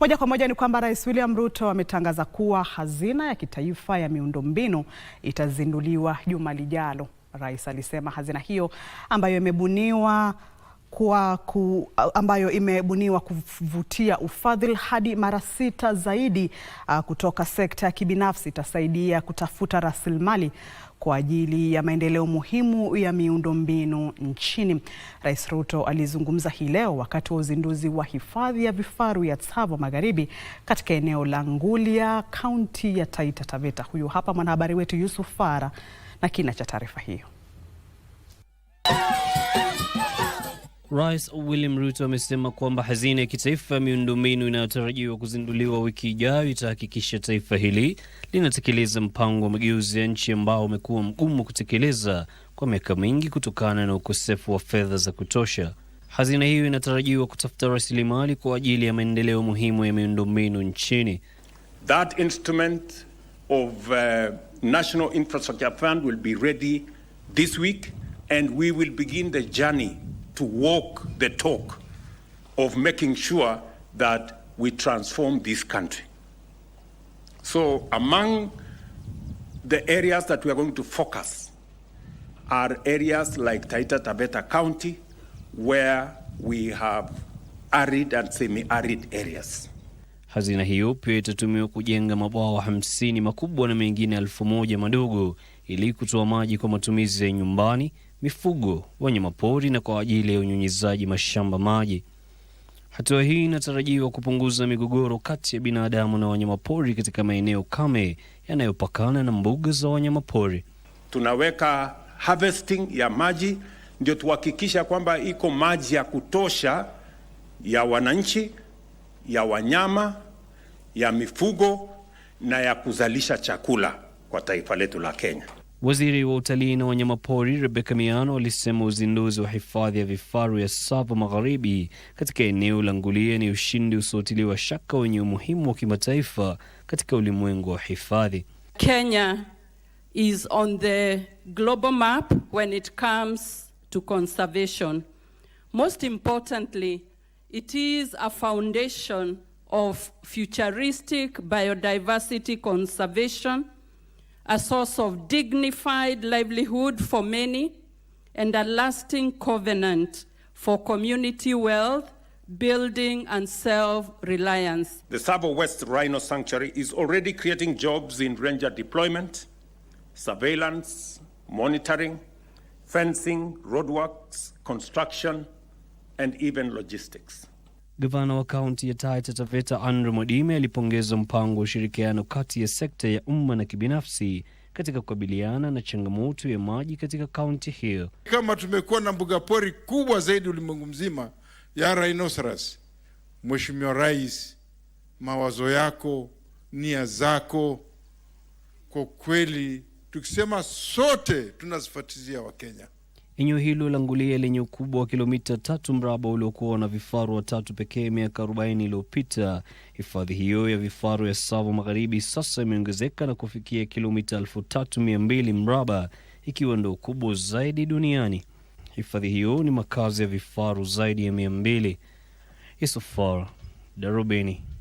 Moja kwa moja ni kwamba Rais William Ruto ametangaza kuwa hazina ya kitaifa ya miundombinu itazinduliwa juma lijalo. Rais alisema hazina hiyo ambayo imebuniwa kwa ku, ambayo imebuniwa kuvutia ufadhili hadi mara sita zaidi uh, kutoka sekta ya kibinafsi itasaidia kutafuta rasilimali kwa ajili ya maendeleo muhimu ya miundombinu nchini. Rais Ruto alizungumza hii leo wakati wa uzinduzi wa hifadhi ya vifaru ya Tsavo Magharibi katika eneo la Ngulia, kaunti ya Taita Taveta. Huyu hapa mwanahabari wetu Yusuf Fara na kina cha taarifa hiyo. Rais William Ruto amesema kwamba hazina ya kitaifa ya miundombinu inayotarajiwa kuzinduliwa wiki ijayo itahakikisha taifa hili linatekeleza mpango wa mageuzi ya nchi ambao umekuwa mgumu kutekeleza kwa miaka mingi kutokana na ukosefu wa fedha za kutosha. Hazina hiyo inatarajiwa kutafuta rasilimali kwa ajili ya maendeleo muhimu ya miundombinu nchini. That instrument of uh, National Infrastructure Fund will be ready this week and we will begin the journey to walk the talk of making sure that we transform this country. So among the areas that we are going to focus are areas like Taita Tabeta County where we have arid and semi-arid areas. Hazina hiyo pia itatumiwa kujenga mabwawa hamsini makubwa na mengine elfu moja madogo ili kutoa maji kwa matumizi ya nyumbani mifugo, wanyamapori na kwa ajili ya unyunyizaji mashamba maji. Hatua hii inatarajiwa kupunguza migogoro kati ya binadamu na wanyamapori katika maeneo kame yanayopakana na mbuga za wanyamapori. Tunaweka harvesting ya maji ndio tuhakikisha kwamba iko maji ya kutosha ya wananchi, ya wanyama, ya mifugo na ya kuzalisha chakula kwa taifa letu la Kenya. Waziri wa utalii na wanyamapori Rebeka Miano alisema uzinduzi wa hifadhi ya vifaru ya Tsavo Magharibi katika eneo la Ngulia ni ushindi usiotiliwa shaka wenye umuhimu wa kimataifa katika ulimwengu wa hifadhi. Kenya is on the global map when it comes to conservation. Most importantly, it is a foundation of futuristic biodiversity conservation a source of dignified livelihood for many, and a lasting covenant for community wealth, building, and self reliance. The Savo West Rhino Sanctuary is already creating jobs in ranger deployment, surveillance, monitoring, fencing, roadworks, construction, and even logistics. Gavana wa kaunti ya Taita Taveta Andrew Mwadime alipongeza mpango wa ushirikiano kati ya sekta ya umma na kibinafsi katika kukabiliana na changamoto ya maji katika kaunti hiyo. Kama tumekuwa na mbugapori kubwa zaidi ulimwengu mzima ya rhinoceros, Mheshimiwa Rais, mawazo yako, nia zako, kwa kweli tukisema sote tunazifuatilia Wakenya. Eneo hilo la Ngulia lenye ukubwa wa kilomita tatu mraba uliokuwa na vifaru watatu pekee miaka 40 iliyopita. Hifadhi hiyo ya vifaru ya Tsavo Magharibi sasa imeongezeka na kufikia kilomita 3200 mraba ikiwa ndio kubwa zaidi duniani. Hifadhi hiyo ni makazi ya vifaru zaidi ya 200. Isofar Darubini.